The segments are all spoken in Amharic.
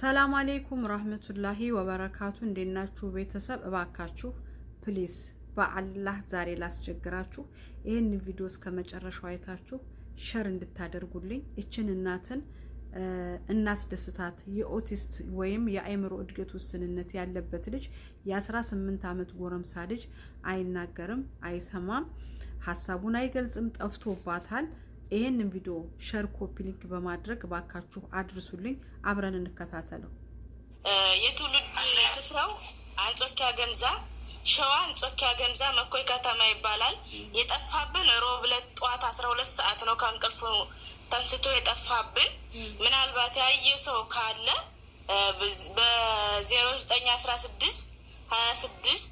ሰላም አሌይኩም ራህመቱላሂ ወበረካቱ። እንዴት ናችሁ ቤተሰብ? እባካችሁ ፕሊስ በአላህ ዛሬ ላስቸግራችሁ፣ ይህን ቪዲዮ እስከ መጨረሻው አይታችሁ ሸር እንድታደርጉልኝ። እችን እናትን እናስደስታት። የኦቲስት ወይም የአእምሮ እድገት ውስንነት ያለበት ልጅ የ18 ዓመት ጎረምሳ ልጅ አይናገርም፣ አይሰማም፣ ሀሳቡን አይገልጽም፣ ጠፍቶባታል። ይህንን ቪዲዮ ሸር፣ ኮፒ ሊንክ በማድረግ ባካችሁ አድርሱልኝ። አብረን እንከታተለው። የትውልድ ስፍራው አንጾኪያ ገምዛ ሸዋ አንጾኪያ ገምዛ መኮይ ከተማ ይባላል። የጠፋብን ሮብ ዕለት ጠዋት አስራ ሁለት ሰዓት ነው ከእንቅልፉ ተንስቶ የጠፋብን። ምናልባት ያየ ሰው ካለ በዜሮ ዘጠኝ አስራ ስድስት ሀያ ስድስት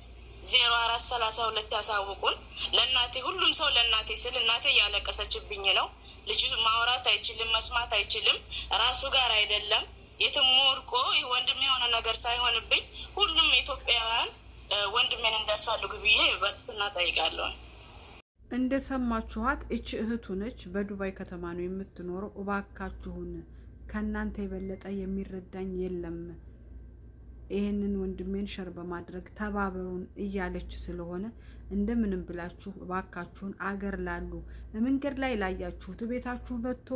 ዜሮ አራት ሰላሳ ሁለት ያሳውቁን። ለእናቴ ሁሉም ሰው ለእናቴ ስል እናቴ እያለቀሰችብኝ ነው። ልጁ ማውራት አይችልም፣ መስማት አይችልም፣ ራሱ ጋር አይደለም። የትም ወድቆ ወንድም የሆነ ነገር ሳይሆንብኝ ሁሉም ኢትዮጵያውያን ወንድሜን እንዳፈልጉ ብዬ በትትና ጠይቃለሁ። እንደሰማችኋት እች እህቱ ነች። በዱባይ ከተማ ነው የምትኖረው። እባካችሁን ከእናንተ የበለጠ የሚረዳኝ የለም ይህንን ወንድሜን ሸር በማድረግ ተባበሩን እያለች ስለሆነ እንደምንም ብላችሁ እባካችሁን አገር ላሉ መንገድ ላይ ላያችሁት ቤታችሁ መጥቶ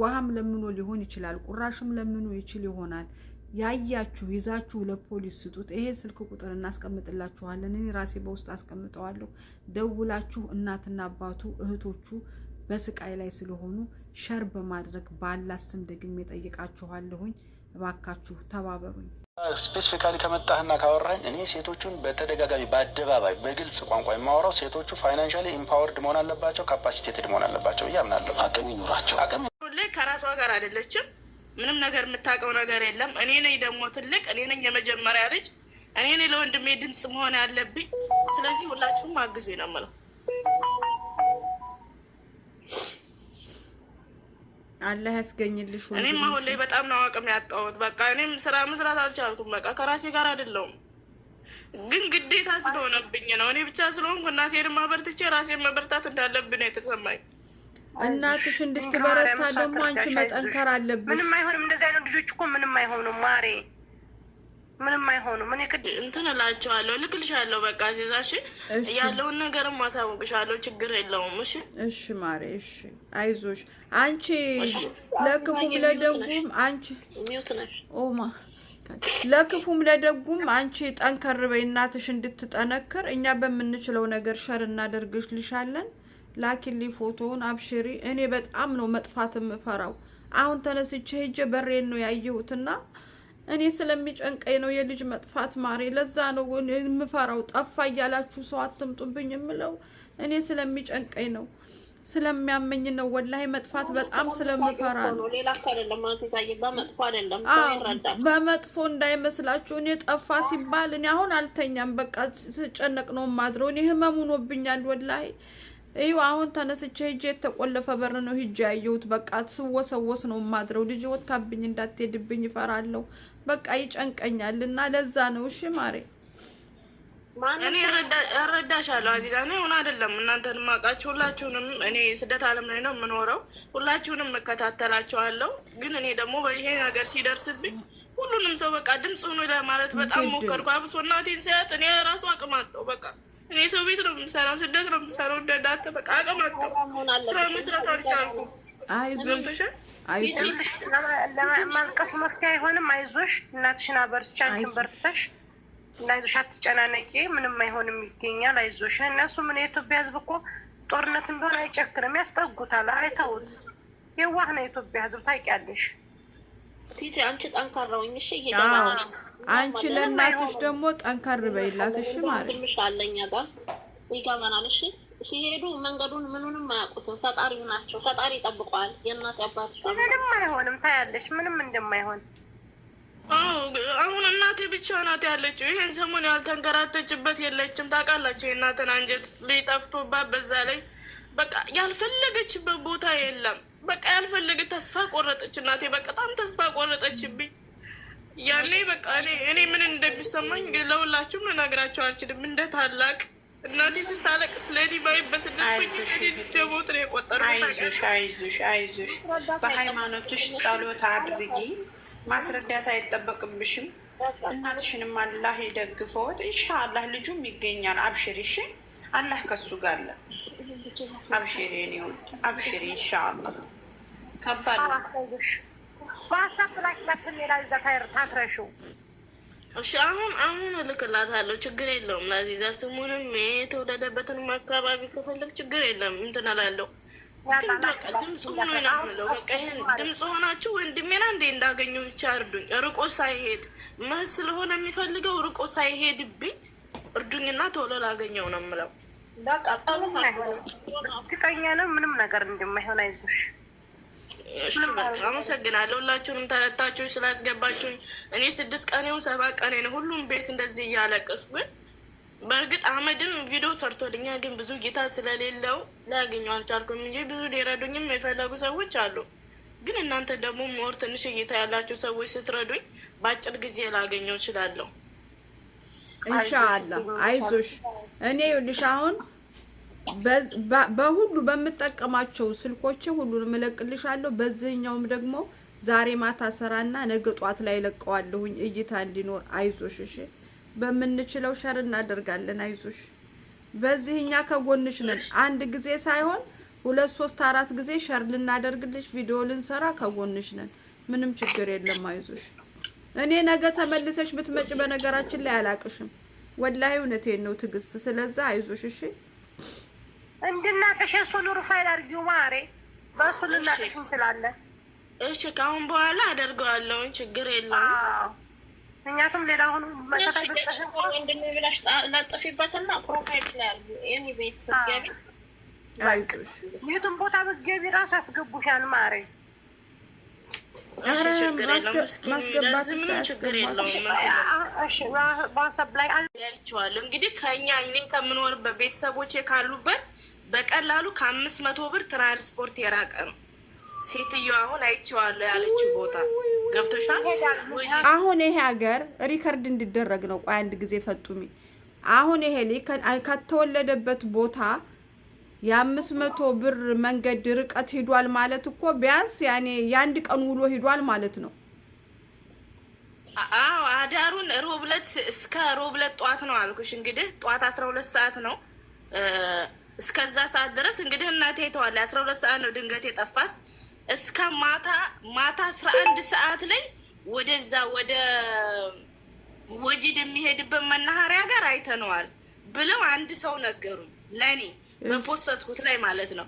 ውሃም ለምኖ ሊሆን ይችላል፣ ቁራሽም ለምኖ ይችል ይሆናል። ያያችሁ ይዛችሁ ለፖሊስ ስጡት። ይሄ ስልክ ቁጥር እናስቀምጥላችኋለን። እኔ ራሴ በውስጥ አስቀምጠዋለሁ። ደውላችሁ እናትና አባቱ እህቶቹ በስቃይ ላይ ስለሆኑ ሸር በማድረግ ባላስም ስም ደግሜ ጠይቃችኋለሁኝ። እባካችሁ ተባበሩኝ። ስፔሲፊካሊ ከመጣህና ካወራኝ እኔ ሴቶቹን በተደጋጋሚ በአደባባይ በግልጽ ቋንቋ የማወራው ሴቶቹ ፋይናንሻሊ ኢምፓወርድ መሆን አለባቸው፣ ካፓሲቴትድ መሆን አለባቸው እያምናለሁ። አቅም ይኑራቸው። አቅም ከራሷ ጋር አይደለችም። ምንም ነገር የምታውቀው ነገር የለም። እኔ ነኝ ደግሞ ትልቅ፣ እኔ ነኝ የመጀመሪያ ልጅ፣ እኔ ነኝ ለወንድሜ ድምፅ መሆን ያለብኝ። ስለዚህ ሁላችሁም አግዙ ነው የምለው። አላህ ያስገኝልሽ። እኔም አሁን ላይ በጣም ነው አቅም ያጣሁት። በቃ እኔም ስራ መስራት አልቻልኩም። በቃ ከራሴ ጋር አይደለሁም፣ ግን ግዴታ ስለሆነብኝ ነው። እኔ ብቻ ስለሆንኩ እናቴን ማበርትቼ ራሴን መበርታት እንዳለብን የተሰማኝ እናትሽ እንድትበረታ ደግሞ አንቺ መጠንከር አለብን። ምንም አይሆንም። እንደዚህ አይነት ልጆች እኮ ምንም አይሆኑም ማሬ ምንም አይሆንም። እኔ ክድ እንትን እላችኋለሁ፣ እልክልሻለሁ። በቃ ዜዛሽ ያለውን ነገርም ማሳወቅሻለሁ። ችግር የለውም። እሺ፣ እሺ ማሬ፣ እሺ፣ አይዞሽ። አንቺ ለክፉም ለደጉም አንቺ ኦማ ለክፉም ለደጉም አንቺ ጠንከር በይ፣ እናትሽ እንድትጠነክር እኛ በምንችለው ነገር ሸር እናደርግሽ ልሻለን። ላኪሊ ፎቶውን፣ አብሽሪ። እኔ በጣም ነው መጥፋት የምፈራው። አሁን ተነስቼ ሄጄ በሬን ነው ያየሁትና እኔ ስለሚጨንቀኝ ነው የልጅ መጥፋት ማሬ። ለዛ ነው የምፈራው። ጠፋ እያላችሁ ሰው አትምጡብኝ የምለው እኔ ስለሚጨንቀኝ ነው ስለሚያመኝ ነው። ወላሂ መጥፋት በጣም ስለምፈራ ነው። ሌላ አይደለም። በመጥፎ አይደለም፣ በመጥፎ እንዳይመስላችሁ። እኔ ጠፋ ሲባል እኔ አሁን አልተኛም፣ በቃ ስጨነቅ ነው ማድረው። እኔ ህመሙ ኖብኛል ወላሂ። ይኸው አሁን ተነስቼ ሂጄ የተቆለፈ በር ነው ሂጄ ያየሁት። በቃ ስወሰወስ ነው ማድረው። ልጅ ወታብኝ እንዳትሄድብኝ ይፈራለሁ። በቃ ይጨንቀኛል እና ለዛ ነው። እሺ ማሬ እኔ እረዳሻለሁ። አዚዛ እኔ ሆነ አይደለም እናንተን ማውቃችሁ ሁላችሁንም። እኔ ስደት አለም ላይ ነው የምኖረው። ሁላችሁንም እከታተላችኋለሁ። ግን እኔ ደግሞ በይሄ ነገር ሲደርስብኝ ሁሉንም ሰው በቃ ድምፅ ሆኖ ለማለት በጣም ሞከርኩ። አብሶ እናቴን ሳያት እኔ ራሱ አቅም አጣሁ። በቃ እኔ ሰው ቤት ነው የምሰራው፣ ስደት ነው የምሰራው። እንደዳተ በቃ አቅም አጣሁ። ስራ መስራት አልቻልኩም። አይዞሽ ማልቀሱ መፍትሄ አይሆንም። አይዞሽ፣ እናትሽን አበርቻ፣ አንቺን በርትተሽ እና አትጨናነቂ፣ ምንም አይሆንም ይገኛል፣ አይዞሽ። እነሱ ምን የኢትዮጵያ ሕዝብ እኮ ጦርነትን ቢሆን አይጨክርም፣ ያስጠጉታል፣ አይተውት። የዋህ ነው የኢትዮጵያ ሕዝብ ታውቂያለሽ። ቲጂ አንቺ ጠንካራውኝ፣ እሺ እየገባናል። አንቺ ለእናትሽ ደግሞ ጠንካር በይላት፣ እሺ ማለት ነው። አለኛ ጋር ይገባናል፣ እሺ ሲሄዱ መንገዱን ምኑንም አያውቁትም። ፈጣሪ ናቸው። ፈጣሪ ይጠብቀዋል። የእናት አባት ምንም አይሆንም። ታያለሽ፣ ምንም እንደማይሆን አሁን እናቴ ብቻ ናት ያለችው። ይሄን ሰሞን ያልተንከራተችበት የለችም። ታውቃላችሁ፣ የእናትን አንጀት ሊጠፍቶባት በዛ ላይ በቃ ያልፈለገችበት ቦታ የለም። በቃ ያልፈለገ ተስፋ ቆረጠች እናቴ። በጣም ተስፋ ቆረጠችብኝ። ያኔ በቃ እኔ ምን እንደሚሰማኝ ለሁላችሁም ልነግራቸው አልችልም እንደ ታላቅ እናቴ ስታለቅስ ለእኔ ማየት በስደት የቆጠሩ አይዞሽ አይዞሽ አይዞሽ፣ በሃይማኖትሽ ጸሎት አድርጊ። ማስረዳት አይጠበቅብሽም። እናትሽንም አላህ የደግፈውት ኢንሻአላህ ልጁም ይገኛል። አብሽሪ እሺ፣ አላህ ከሱ ጋር አለ። አብሽሪ ነው አብሽሪ፣ ኢንሻአላህ ከባድ ነው። እሺ አሁን አሁን እልክላታለሁ። ችግር የለውም። ለዚዛ ስሙንም የተወለደበትንም አካባቢ ከፈለግ ችግር የለም። እንትን እላለሁ። ድምፅ ሆኖ ነው ምለው። በቃ ይህን ድምፅ ሆናችሁ ወንድሜና እንዴ እንዳገኘው ብቻ እርዱኝ። ርቆ ሳይሄድ መህ ስለሆነ የሚፈልገው ርቆ ሳይሄድብኝ እርዱኝና ቶሎ ላገኘው ነው ምለው። በቃ ጸሎት እርግጠኛ ነው ምንም ነገር እንደማይሆን አይዞሽ። እሺ በቃ አመሰግናለሁ። ሁላችሁንም ተረታችሁ ስላስገባችሁኝ። እኔ ስድስት ቀን ይሁን ሰባት ቀን ነው ሁሉም ቤት እንደዚህ ግን በእርግጥ አህመድም ቪዲዮ ሰርቶልኛ ግን ብዙ ጌታ ስለሌለው ላያገኘው አልቻልኩም እንጂ ብዙ ሊረዱኝም የፈለጉ ሰዎች አሉ። ግን እናንተ ደግሞ ሞር ትንሽ እይታ ያላችሁ ሰዎች ስትረዱኝ በአጭር ጊዜ ላገኘው እችላለሁ። እንሻአላ አይዞሽ። እኔ ይኸውልሽ አሁን በሁሉ በምጠቀማቸው ስልኮች ሁሉንም እለቅልሻለሁ። በዚህኛውም ደግሞ ዛሬ ማታ ሰራና ነገ ጧት ላይ ለቀዋለሁኝ እይታ እንዲኖር። አይዞሽ እሺ፣ በምንችለው ሸር እናደርጋለን። አይዞሽ፣ በዚህኛ ከጎንሽ ነን። አንድ ጊዜ ሳይሆን ሁለት ሶስት አራት ጊዜ ሸር ልናደርግልሽ፣ ቪዲዮ ልንሰራ ከጎንሽ ነን። ምንም ችግር የለም። አይዞሽ። እኔ ነገ ተመልሰሽ ብትመጪ በነገራችን ላይ አላቅሽም። ወላሂ እውነቴን ነው ትዕግስት። ስለዛ አይዞሽ እሺ እንድናቀሽ እሱ ኑሩ ፋይል አድርጊው ማሬ፣ በእሱ ልናቀሽ እንችላለን። እሺ ከአሁን በኋላ አደርገዋለሁኝ፣ ችግር የለውም። ምክንያቱም ሌላ ሆኑ ወንድሜ ብላሽ ላጥፊበትና ፕሮፋይል ላይ ያሉ ይህ ቤት ስትገቢ የቱን ቦታ ብትገቢ ራሱ ያስገቡሻል ማሬ። ችግር የለውም። ምንም ችግር የለውም። በዋትስአፕ ላይ ያቸዋል እንግዲህ ከኛ እኔ ከምኖርበት ቤተሰቦቼ ካሉበት በቀላሉ ከአምስት መቶ ብር ትራንስፖርት የራቀ ነው። ሴትዮ አሁን አይቼዋለሁ ያለችው ቦታ ገብቶሻል። አሁን ይሄ ሀገር ሪከርድ እንዲደረግ ነው። ቆይ አንድ ጊዜ ፈጡሚ። አሁን ይሄ ከተወለደበት ቦታ የአምስት መቶ ብር መንገድ ርቀት ሂዷል ማለት እኮ ቢያንስ ያኔ የአንድ ቀን ውሎ ሂዷል ማለት ነው። አዎ አዳሩን ሮብለት እስከ ሮብለት ጠዋት ነው አልኩሽ። እንግዲህ ጠዋት አስራ ሁለት ሰዓት ነው እስከዛ ሰዓት ድረስ እንግዲህ እናቴ ተዋለ አስራ ሁለት ሰዓት ነው ድንገት የጠፋት። እስከ ማታ ማታ አስራ አንድ ሰዓት ላይ ወደዛ ወደ ወጂድ የሚሄድበት መናኸሪያ ጋር አይተነዋል ብለው አንድ ሰው ነገሩ ለእኔ በፖሰትኩት ላይ ማለት ነው።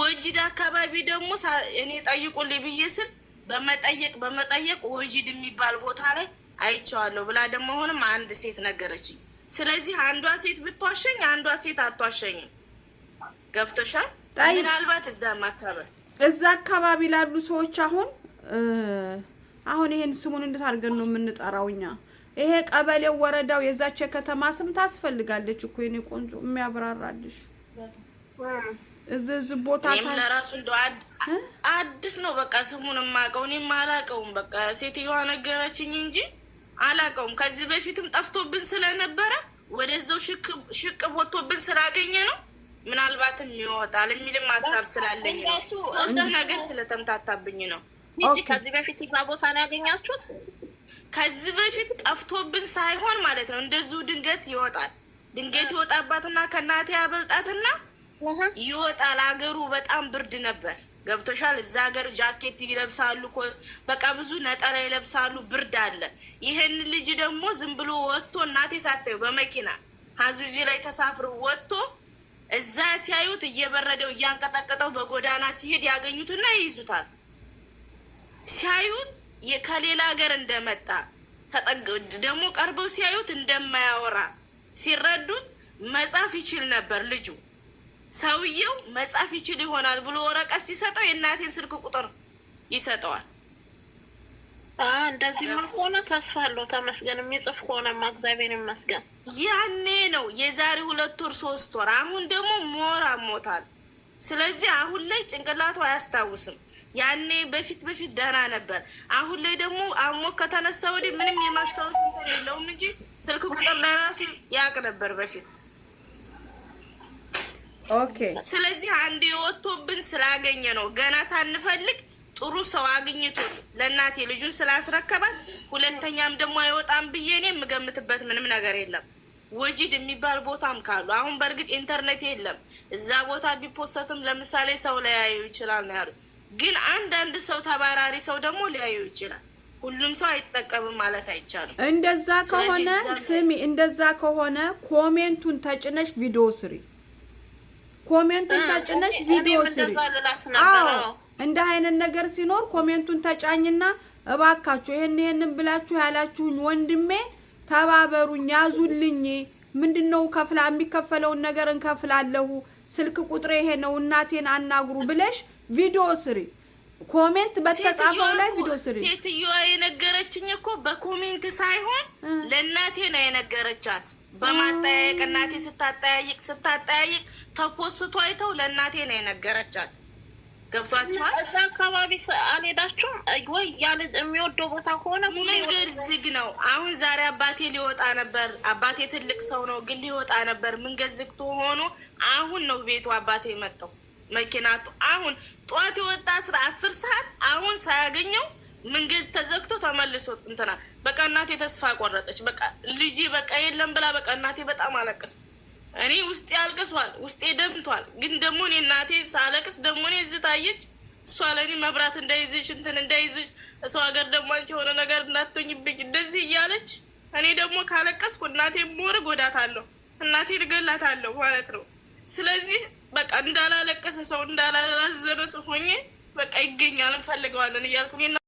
ወጂድ አካባቢ ደግሞ እኔ ጠይቁልኝ ብዬ ስል በመጠየቅ በመጠየቅ ወጂድ የሚባል ቦታ ላይ አይቼዋለሁ ብላ ደግሞ አሁንም አንድ ሴት ነገረችኝ። ስለዚህ አንዷ ሴት ብትዋሸኝ አንዷ ሴት አትዋሸኝም። ገብቶሻል። ምናልባት እዛም አካባቢ እዛ አካባቢ ላሉ ሰዎች አሁን አሁን ይሄን ስሙን እንዴት አድርገን ነው የምንጠራው እኛ? ይሄ ቀበሌው፣ ወረዳው፣ የዛች የከተማ ስም ታስፈልጋለች እኮ የኔ ቆንጆ የሚያብራራልሽ እዚህ ቦታ ለራሱ እንደ አዲስ ነው። በቃ ስሙን የማውቀው እኔም አላውቀውም። በቃ ሴትዮዋ ነገረችኝ እንጂ አላውቀውም። ከዚህ በፊትም ጠፍቶብን ስለነበረ ወደዛው ሽቅ ወጥቶብን ስላገኘ ነው ምናልባትም ይወጣል የሚልም ሀሳብ ስላለኝ ነው። ተወሰነ ነገር ስለተምታታብኝ ነው ከዚህ በፊት ይግባ ቦታ ነው ያገኛችሁት? ከዚህ በፊት ጠፍቶብን ሳይሆን ማለት ነው። እንደዚሁ ድንገት ይወጣል። ድንገት ይወጣባትና ከእናቴ ያበልጣትና ይወጣል። አገሩ በጣም ብርድ ነበር። ገብቶሻል። እዛ ሀገር ጃኬት ይለብሳሉ፣ በቃ ብዙ ነጠላ ይለብሳሉ። ብርድ አለ። ይህን ልጅ ደግሞ ዝም ብሎ ወጥቶ እናቴ ሳታዩ በመኪና ሀዙጂ ላይ ተሳፍሮ ወጥቶ እዛ ሲያዩት እየበረደው እያንቀጠቀጠው በጎዳና ሲሄድ ያገኙትና ይይዙታል። ሲያዩት ከሌላ ሀገር እንደመጣ ደግሞ ቀርበው ሲያዩት እንደማያወራ ሲረዱት መጻፍ ይችል ነበር ልጁ። ሰውየው መጻፍ ይችል ይሆናል ብሎ ወረቀት ሲሰጠው የእናቴን ስልክ ቁጥር ይሰጠዋል። እንደዚህ ከሆነ ተስፋ አለው። ተመስገን የሚጽፍ ከሆነማ እግዚአብሔር ይመስገን። ያኔ ነው የዛሬ ሁለት ወር ሶስት ወር። አሁን ደግሞ ሞራ ሞታል። ስለዚህ አሁን ላይ ጭንቅላቱ አያስታውስም። ያኔ በፊት በፊት ደህና ነበር። አሁን ላይ ደግሞ አሞ ከተነሳ ወዲህ ምንም የማስታወስ እንትን የለውም እንጂ ስልክ ቁጥር ለራሱ ያቅ ነበር በፊት። ኦኬ። ስለዚህ አንድ የወጥቶብን ስላገኘ ነው ገና ሳንፈልግ ጥሩ ሰው አግኝቶ ለእናቴ ልጁን ስላስረከባት፣ ሁለተኛም ደግሞ አይወጣም ብዬ እኔ የምገምትበት ምንም ነገር የለም። ወጂድ የሚባል ቦታም ካሉ አሁን በእርግጥ ኢንተርኔት የለም እዛ ቦታ ቢፖሰትም ለምሳሌ ሰው ሊያዩ ይችላል ነው ያሉ። ግን አንዳንድ ሰው ተባራሪ ሰው ደግሞ ሊያዩ ይችላል። ሁሉም ሰው አይጠቀምም ማለት አይቻልም። እንደዛ ከሆነ ስሚ፣ እንደዛ ከሆነ ኮሜንቱን ተጭነሽ ቪዲዮ ስሪ፣ ኮሜንቱን ተጭነሽ ቪዲዮ ስሪ። አዎ እንደ አይነት ነገር ሲኖር ኮሜንቱን ተጫኝና እባካችሁ ይህን ይህንን ብላችሁ ያላችሁኝ ወንድሜ ተባበሩኝ፣ ያዙልኝ። ምንድነው ከፍላ የሚከፈለውን ነገር እንከፍላለሁ፣ ስልክ ቁጥር ይሄ ነው፣ እናቴን አናግሩ ብለሽ ቪዲዮ ስሪ። ኮሜንት በተጻፈው ላይ ቪዲዮ ስሪ። ሴትዮዋ የነገረችኝ እኮ በኮሜንት ሳይሆን ለእናቴ ነው የነገረቻት። በማጠያየቅ እናቴ ስታጠያይቅ ስታጠያይቅ ተፖስቶ አይተው ለእናቴ ነው የነገረቻት። ገብቷችኋል። እዛ አካባቢ አልሄዳችሁም ወይ? ያለ የሚወደው ቦታ ከሆነ መንገድ ዝግ ነው። አሁን ዛሬ አባቴ ሊወጣ ነበር። አባቴ ትልቅ ሰው ነው፣ ግን ሊወጣ ነበር። መንገድ ዝግቶ ሆኖ አሁን ነው ቤቱ አባቴ መጣው መኪና አሁን ጠዋት የወጣ አስራ አስር ሰዓት አሁን ሳያገኘው መንገድ ተዘግቶ ተመልሶ እንትናል። በቃ እናቴ ተስፋ ቆረጠች። በቃ ልጄ በቃ የለም ብላ በቃ እናቴ በጣም አለቀሰች። እኔ ውስጤ አልቅሷል፣ ውስጤ ደምቷል። ግን ደግሞ እኔ እናቴ ሳለቅስ ደግሞ እኔ እዚህ ታየች እሷ ለእኔ መብራት እንዳይዝሽ እንትን እንዳይዝሽ እሰው ሀገር ደግሞ አንቺ የሆነ ነገር እንዳትሆኝብኝ እንደዚህ እያለች እኔ ደግሞ ካለቀስኩ እናቴ ሞር ጎዳታለሁ፣ እናቴ ልገላታለሁ ማለት ነው። ስለዚህ በቃ እንዳላለቀሰ ሰው እንዳላዘነ ሰው ሆኜ በቃ ይገኛል እንፈልገዋለን እያልኩ